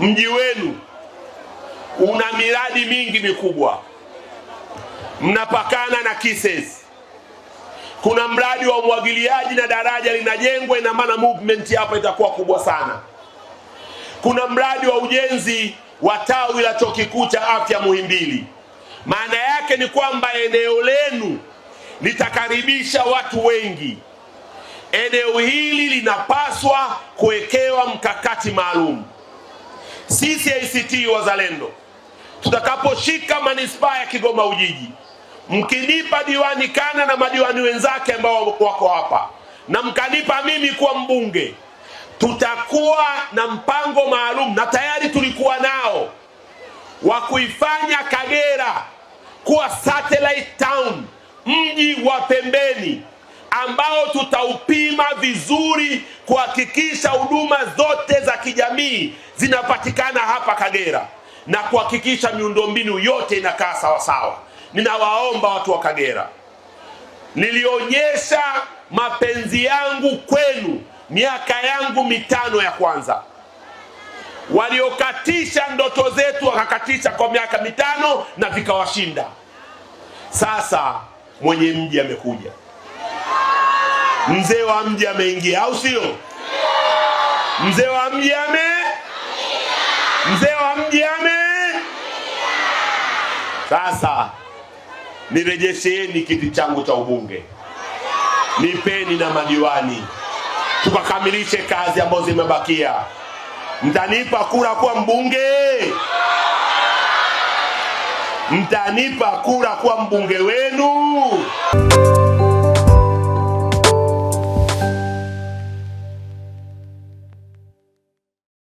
mji wenu una miradi mingi mikubwa, mnapakana na Kisesi, kuna mradi wa umwagiliaji na daraja linajengwa, ina maana movement hapa itakuwa kubwa sana. Kuna mradi wa ujenzi wa tawi la chuo kikuu cha afya Muhimbili. Maana yake ni kwamba eneo lenu litakaribisha watu wengi. Eneo hili linapaswa kuwekewa mkakati maalum. Sisi ACT Wazalendo tutakaposhika manispaa ya Kigoma Ujiji, mkinipa diwani Kana na madiwani wenzake ambao wako hapa na mkanipa mimi kuwa mbunge, tutakuwa na mpango maalum na tayari tulikuwa nao wa kuifanya Kagera kuwa satellite town, mji wa pembeni ambao tutaupima vizuri kuhakikisha huduma zote za kijamii jamii zinapatikana hapa Kagera na kuhakikisha miundombinu yote inakaa sawasawa. Ninawaomba watu wa Kagera, nilionyesha mapenzi yangu kwenu miaka yangu mitano ya kwanza. Waliokatisha ndoto zetu wakakatisha kwa miaka mitano na vikawashinda. Sasa mwenye mji amekuja, mzee wa mji ameingia, au sio? Mzee wa mji ame, mzee wa mji ame. Sasa nirejesheni kiti changu cha ubunge, nipeni na madiwani, tukakamilishe kazi ambazo zimebakia. Mtanipa kura kuwa mbunge, mtanipa kura kuwa mbunge wenu.